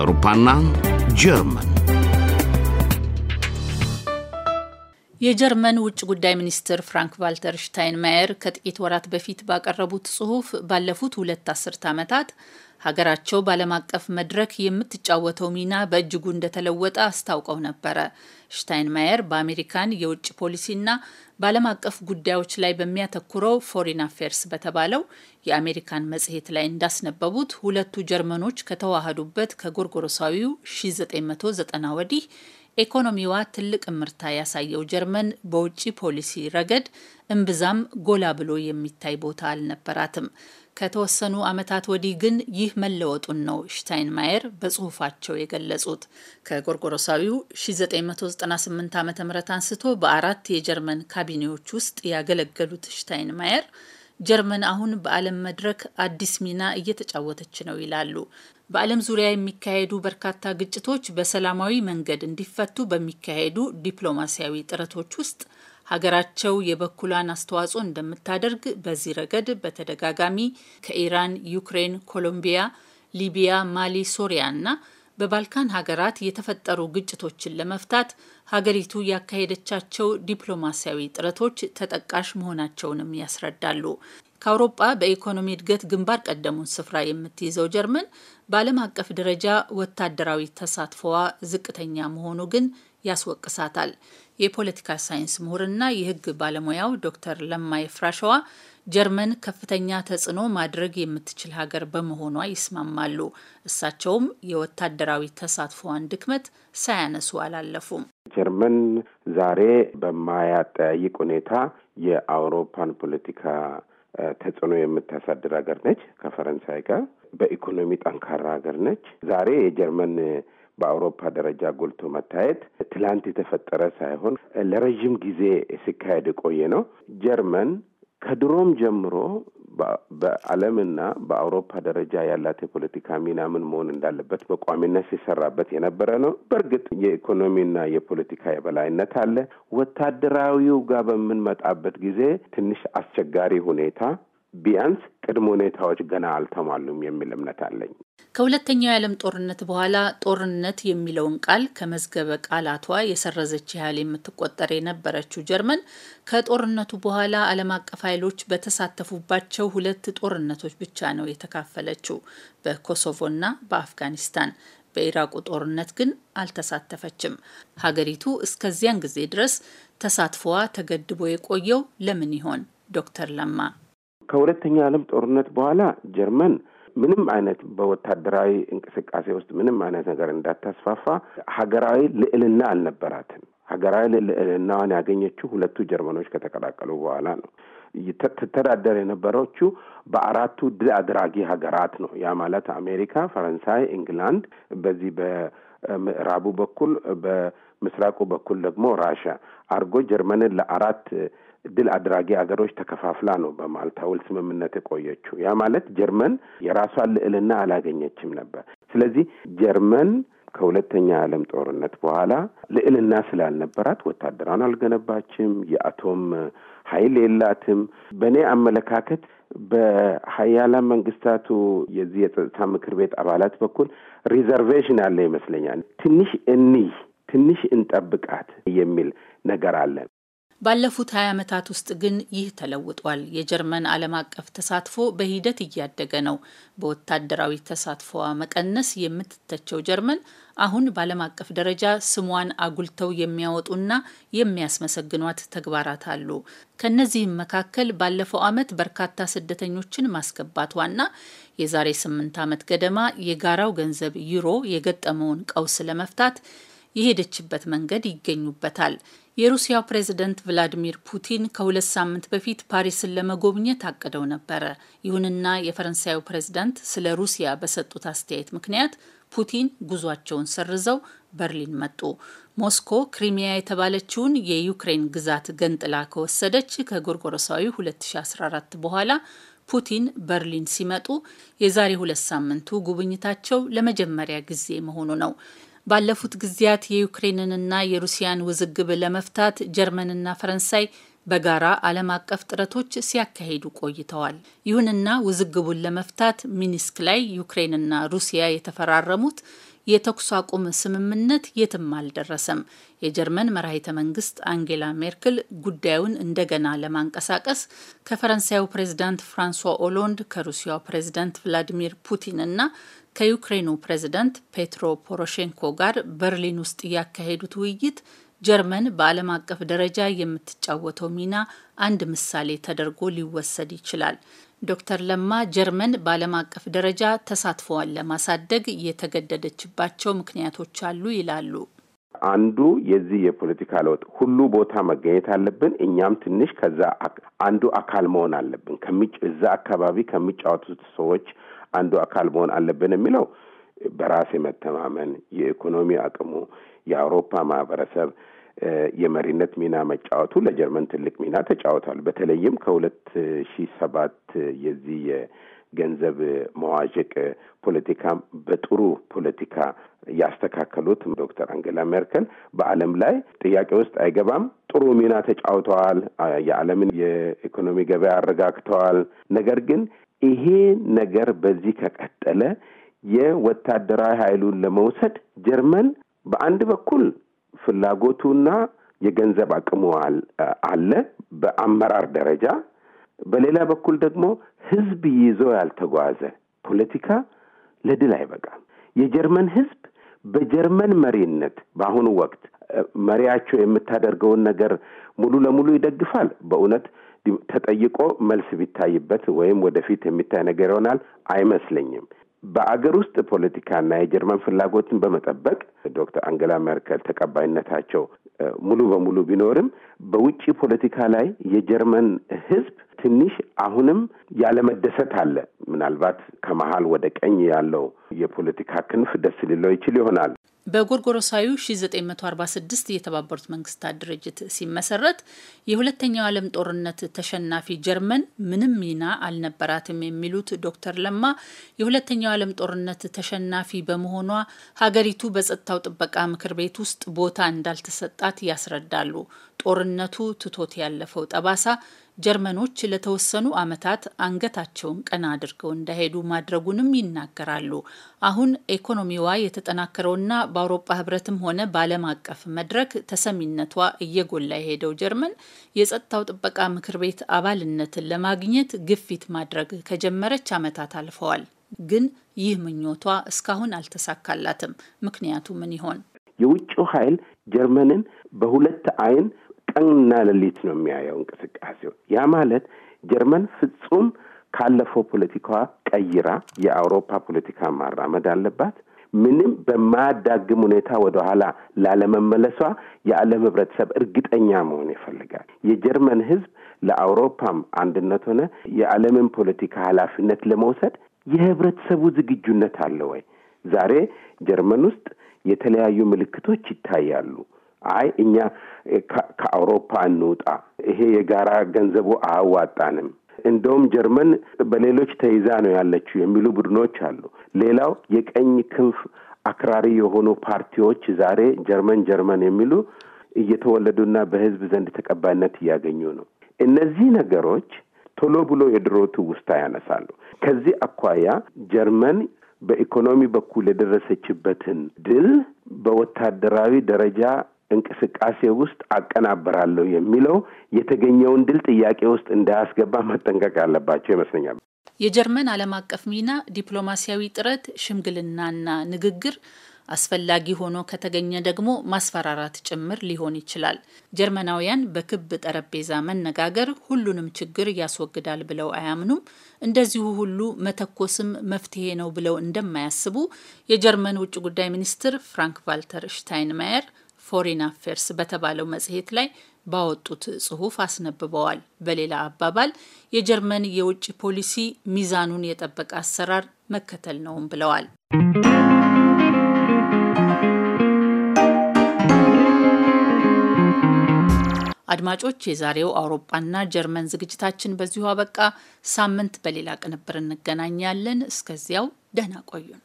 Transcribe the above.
አውሮፓና ጀርመን የጀርመን ውጭ ጉዳይ ሚኒስትር ፍራንክ ቫልተር ሽታይንማየር ከጥቂት ወራት በፊት ባቀረቡት ጽሑፍ ባለፉት ሁለት አስርት ዓመታት ሀገራቸው በዓለም አቀፍ መድረክ የምትጫወተው ሚና በእጅጉ እንደተለወጠ አስታውቀው ነበረ። ሽታይንማየር በአሜሪካን የውጭ ፖሊሲና በዓለም አቀፍ ጉዳዮች ላይ በሚያተኩረው ፎሪን አፌርስ በተባለው የአሜሪካን መጽሔት ላይ እንዳስነበቡት ሁለቱ ጀርመኖች ከተዋሃዱበት ከጎርጎሮሳዊው 1990 ወዲህ ኢኮኖሚዋ ትልቅ እምርታ ያሳየው ጀርመን በውጭ ፖሊሲ ረገድ እምብዛም ጎላ ብሎ የሚታይ ቦታ አልነበራትም። ከተወሰኑ ዓመታት ወዲህ ግን ይህ መለወጡን ነው ሽታይንማየር በጽሁፋቸው የገለጹት። ከጎርጎሮሳዊው 1998 ዓ ም አንስቶ በአራት የጀርመን ካቢኔዎች ውስጥ ያገለገሉት ሽታይንማየር ጀርመን አሁን በዓለም መድረክ አዲስ ሚና እየተጫወተች ነው ይላሉ። በዓለም ዙሪያ የሚካሄዱ በርካታ ግጭቶች በሰላማዊ መንገድ እንዲፈቱ በሚካሄዱ ዲፕሎማሲያዊ ጥረቶች ውስጥ ሀገራቸው የበኩሏን አስተዋጽኦ እንደምታደርግ በዚህ ረገድ በተደጋጋሚ ከኢራን፣ ዩክሬን፣ ኮሎምቢያ፣ ሊቢያ፣ ማሊ፣ ሶሪያ እና በባልካን ሀገራት የተፈጠሩ ግጭቶችን ለመፍታት ሀገሪቱ ያካሄደቻቸው ዲፕሎማሲያዊ ጥረቶች ተጠቃሽ መሆናቸውንም ያስረዳሉ። ከአውሮጳ በኢኮኖሚ እድገት ግንባር ቀደሙን ስፍራ የምትይዘው ጀርመን በዓለም አቀፍ ደረጃ ወታደራዊ ተሳትፎዋ ዝቅተኛ መሆኑ ግን ያስወቅሳታል። የፖለቲካ ሳይንስ ምሁርና የሕግ ባለሙያው ዶክተር ለማይ ፍራሸዋ ጀርመን ከፍተኛ ተጽዕኖ ማድረግ የምትችል ሀገር በመሆኗ ይስማማሉ። እሳቸውም የወታደራዊ ተሳትፎዋን ድክመት ሳያነሱ አላለፉም። ጀርመን ዛሬ በማያጠያይቅ ሁኔታ የአውሮፓን ፖለቲካ ተጽዕኖ የምታሳድር ሀገር ነች ከፈረንሳይ ጋር። በኢኮኖሚ ጠንካራ ሀገር ነች። ዛሬ የጀርመን በአውሮፓ ደረጃ ጎልቶ መታየት ትላንት የተፈጠረ ሳይሆን ለረዥም ጊዜ ሲካሄድ የቆየ ነው። ጀርመን ከድሮም ጀምሮ በዓለምና በአውሮፓ ደረጃ ያላት የፖለቲካ ሚና ምን መሆን እንዳለበት በቋሚነት ሲሰራበት የነበረ ነው። በእርግጥ የኢኮኖሚና የፖለቲካ የበላይነት አለ። ወታደራዊው ጋር በምንመጣበት ጊዜ ትንሽ አስቸጋሪ ሁኔታ ቢያንስ ቅድመ ሁኔታዎች ገና አልተሟሉም የሚል እምነት አለኝ። ከሁለተኛው የዓለም ጦርነት በኋላ ጦርነት የሚለውን ቃል ከመዝገበ ቃላቷ የሰረዘች ያህል የምትቆጠር የነበረችው ጀርመን ከጦርነቱ በኋላ ዓለም አቀፍ ኃይሎች በተሳተፉባቸው ሁለት ጦርነቶች ብቻ ነው የተካፈለችው፣ በኮሶቮና በአፍጋኒስታን። በኢራቁ ጦርነት ግን አልተሳተፈችም። ሀገሪቱ እስከዚያን ጊዜ ድረስ ተሳትፎዋ ተገድቦ የቆየው ለምን ይሆን? ዶክተር ለማ ከሁለተኛ ዓለም ጦርነት በኋላ ጀርመን ምንም አይነት በወታደራዊ እንቅስቃሴ ውስጥ ምንም አይነት ነገር እንዳታስፋፋ ሀገራዊ ልዕልና አልነበራትም። ሀገራዊ ልዕልናዋን ያገኘችው ሁለቱ ጀርመኖች ከተቀላቀሉ በኋላ ነው። ትተዳደር የነበረችው በአራቱ ድል አድራጊ ሀገራት ነው። ያ ማለት አሜሪካ፣ ፈረንሳይ፣ ኢንግላንድ በዚህ በምዕራቡ በኩል በምስራቁ በኩል ደግሞ ራሻ አድርጎ ጀርመንን ለአራት ድል አድራጊ ሀገሮች ተከፋፍላ ነው በማልታ ውል ስምምነት የቆየችው። ያ ማለት ጀርመን የራሷን ልዕልና አላገኘችም ነበር። ስለዚህ ጀርመን ከሁለተኛ ዓለም ጦርነት በኋላ ልዕልና ስላልነበራት ወታደራን አልገነባችም። የአቶም ኃይል የላትም። በእኔ አመለካከት በሀያላን መንግስታቱ የዚህ የጸጥታ ምክር ቤት አባላት በኩል ሪዘርቬሽን አለ ይመስለኛል። ትንሽ እኒህ ትንሽ እንጠብቃት የሚል ነገር አለ። ባለፉት 20 ዓመታት ውስጥ ግን ይህ ተለውጧል። የጀርመን ዓለም አቀፍ ተሳትፎ በሂደት እያደገ ነው። በወታደራዊ ተሳትፎዋ መቀነስ የምትተቸው ጀርመን አሁን በዓለም አቀፍ ደረጃ ስሟን አጉልተው የሚያወጡና የሚያስመሰግኗት ተግባራት አሉ። ከእነዚህም መካከል ባለፈው ዓመት በርካታ ስደተኞችን ማስገባቷና የዛሬ ስምንት ዓመት ገደማ የጋራው ገንዘብ ዩሮ የገጠመውን ቀውስ ለመፍታት የሄደችበት መንገድ ይገኙበታል። የሩሲያው ፕሬዝደንት ቭላዲሚር ፑቲን ከሁለት ሳምንት በፊት ፓሪስን ለመጎብኘት አቅደው ነበረ። ይሁንና የፈረንሳዩ ፕሬዝዳንት ስለ ሩሲያ በሰጡት አስተያየት ምክንያት ፑቲን ጉዟቸውን ሰርዘው በርሊን መጡ። ሞስኮ ክሪሚያ የተባለችውን የዩክሬን ግዛት ገንጥላ ከወሰደች ከጎርጎሮሳዊ 2014 በኋላ ፑቲን በርሊን ሲመጡ የዛሬ ሁለት ሳምንቱ ጉብኝታቸው ለመጀመሪያ ጊዜ መሆኑ ነው። ባለፉት ጊዜያት የዩክሬንንና የሩሲያን ውዝግብ ለመፍታት ጀርመንና ፈረንሳይ በጋራ ዓለም አቀፍ ጥረቶች ሲያካሂዱ ቆይተዋል። ይሁንና ውዝግቡን ለመፍታት ሚኒስክ ላይ ዩክሬንና ሩሲያ የተፈራረሙት የተኩስ አቁም ስምምነት የትም አልደረሰም። የጀርመን መራሂተ መንግስት አንጌላ ሜርክል ጉዳዩን እንደገና ለማንቀሳቀስ ከፈረንሳዩ ፕሬዚዳንት ፍራንሷ ኦሎንድ፣ ከሩሲያው ፕሬዚዳንት ቭላዲሚር ፑቲን እና ከዩክሬኑ ፕሬዝደንት ፔትሮ ፖሮሼንኮ ጋር በርሊን ውስጥ ያካሄዱት ውይይት ጀርመን በዓለም አቀፍ ደረጃ የምትጫወተው ሚና አንድ ምሳሌ ተደርጎ ሊወሰድ ይችላል። ዶክተር ለማ ጀርመን በዓለም አቀፍ ደረጃ ተሳትፎዋን ለማሳደግ የተገደደችባቸው ምክንያቶች አሉ ይላሉ። አንዱ የዚህ የፖለቲካ ለውጥ ሁሉ ቦታ መገኘት አለብን። እኛም ትንሽ ከዛ አንዱ አካል መሆን አለብን። እዛ አካባቢ ከሚጫወቱት ሰዎች አንዱ አካል መሆን አለብን የሚለው በራስ መተማመን የኢኮኖሚ አቅሙ፣ የአውሮፓ ማህበረሰብ የመሪነት ሚና መጫወቱ ለጀርመን ትልቅ ሚና ተጫወቷል። በተለይም ከሁለት ሺ ሰባት የዚህ የገንዘብ መዋዠቅ ፖለቲካ በጥሩ ፖለቲካ ያስተካከሉት ዶክተር አንገላ ሜርከል በዓለም ላይ ጥያቄ ውስጥ አይገባም ጥሩ ሚና ተጫውተዋል። የዓለምን የኢኮኖሚ ገበያ አረጋግተዋል። ነገር ግን ይሄ ነገር በዚህ ከቀጠለ የወታደራዊ ኃይሉን ለመውሰድ ጀርመን በአንድ በኩል ፍላጎቱና የገንዘብ አቅሙ አለ በአመራር ደረጃ፣ በሌላ በኩል ደግሞ ህዝብ ይዞ ያልተጓዘ ፖለቲካ ለድል አይበቃም። የጀርመን ህዝብ በጀርመን መሪነት በአሁኑ ወቅት መሪያቸው የምታደርገውን ነገር ሙሉ ለሙሉ ይደግፋል። በእውነት ተጠይቆ መልስ ቢታይበት ወይም ወደፊት የሚታይ ነገር ይሆናል አይመስለኝም። በአገር ውስጥ ፖለቲካና የጀርመን ፍላጎትን በመጠበቅ ዶክተር አንገላ ሜርከል ተቀባይነታቸው ሙሉ በሙሉ ቢኖርም በውጭ ፖለቲካ ላይ የጀርመን ሕዝብ ትንሽ አሁንም ያለመደሰት አለ። ምናልባት ከመሀል ወደ ቀኝ ያለው የፖለቲካ ክንፍ ደስ ሊለው ይችል ይሆናል። በጎርጎሮሳዊ 1946 የተባበሩት መንግስታት ድርጅት ሲመሰረት የሁለተኛው ዓለም ጦርነት ተሸናፊ ጀርመን ምንም ሚና አልነበራትም የሚሉት ዶክተር ለማ የሁለተኛው ዓለም ጦርነት ተሸናፊ በመሆኗ ሀገሪቱ በጸጥታው ጥበቃ ምክር ቤት ውስጥ ቦታ እንዳልተሰጣት ያስረዳሉ። ጦርነቱ ትቶት ያለፈው ጠባሳ ጀርመኖች ለተወሰኑ ዓመታት አንገታቸውን ቀና አድርገው እንዳሄዱ ማድረጉንም ይናገራሉ። አሁን ኢኮኖሚዋ የተጠናከረውና በአውሮፓ ህብረትም ሆነ በዓለም አቀፍ መድረክ ተሰሚነቷ እየጎላ የሄደው ጀርመን የጸጥታው ጥበቃ ምክር ቤት አባልነትን ለማግኘት ግፊት ማድረግ ከጀመረች ዓመታት አልፈዋል። ግን ይህ ምኞቷ እስካሁን አልተሳካላትም። ምክንያቱ ምን ይሆን? የውጭው ኃይል ጀርመንን በሁለት አይን ቀንና ሌሊት ነው የሚያየው እንቅስቃሴው። ያ ማለት ጀርመን ፍጹም ካለፈው ፖለቲካዋ ቀይራ የአውሮፓ ፖለቲካ ማራመድ አለባት። ምንም በማያዳግም ሁኔታ ወደኋላ ላለመመለሷ የዓለም ህብረተሰብ እርግጠኛ መሆን ይፈልጋል። የጀርመን ህዝብ ለአውሮፓም አንድነት ሆነ የዓለምን ፖለቲካ ኃላፊነት ለመውሰድ የህብረተሰቡ ዝግጁነት አለ ወይ? ዛሬ ጀርመን ውስጥ የተለያዩ ምልክቶች ይታያሉ። አይ እኛ ከአውሮፓ እንውጣ፣ ይሄ የጋራ ገንዘቡ አያዋጣንም እንደውም ጀርመን በሌሎች ተይዛ ነው ያለችው የሚሉ ቡድኖች አሉ። ሌላው የቀኝ ክንፍ አክራሪ የሆኑ ፓርቲዎች ዛሬ ጀርመን ጀርመን የሚሉ እየተወለዱና በህዝብ ዘንድ ተቀባይነት እያገኙ ነው። እነዚህ ነገሮች ቶሎ ብሎ የድሮ ትውስታ ያነሳሉ። ከዚህ አኳያ ጀርመን በኢኮኖሚ በኩል የደረሰችበትን ድል በወታደራዊ ደረጃ እንቅስቃሴ ውስጥ አቀናበራለሁ የሚለው የተገኘውን ድል ጥያቄ ውስጥ እንዳያስገባ መጠንቀቅ ያለባቸው ይመስለኛል። የጀርመን ዓለም አቀፍ ሚና ዲፕሎማሲያዊ ጥረት፣ ሽምግልናና ንግግር አስፈላጊ ሆኖ ከተገኘ ደግሞ ማስፈራራት ጭምር ሊሆን ይችላል። ጀርመናውያን በክብ ጠረጴዛ መነጋገር ሁሉንም ችግር ያስወግዳል ብለው አያምኑም። እንደዚሁ ሁሉ መተኮስም መፍትሄ ነው ብለው እንደማያስቡ የጀርመን ውጭ ጉዳይ ሚኒስትር ፍራንክ ቫልተር ሽታይንማየር ፎሪን አፌርስ በተባለው መጽሔት ላይ ባወጡት ጽሑፍ አስነብበዋል። በሌላ አባባል የጀርመን የውጭ ፖሊሲ ሚዛኑን የጠበቀ አሰራር መከተል ነውም ብለዋል። አድማጮች፣ የዛሬው አውሮፓና ጀርመን ዝግጅታችን በዚሁ አበቃ። ሳምንት በሌላ ቅንብር እንገናኛለን። እስከዚያው ደህና ቆዩን።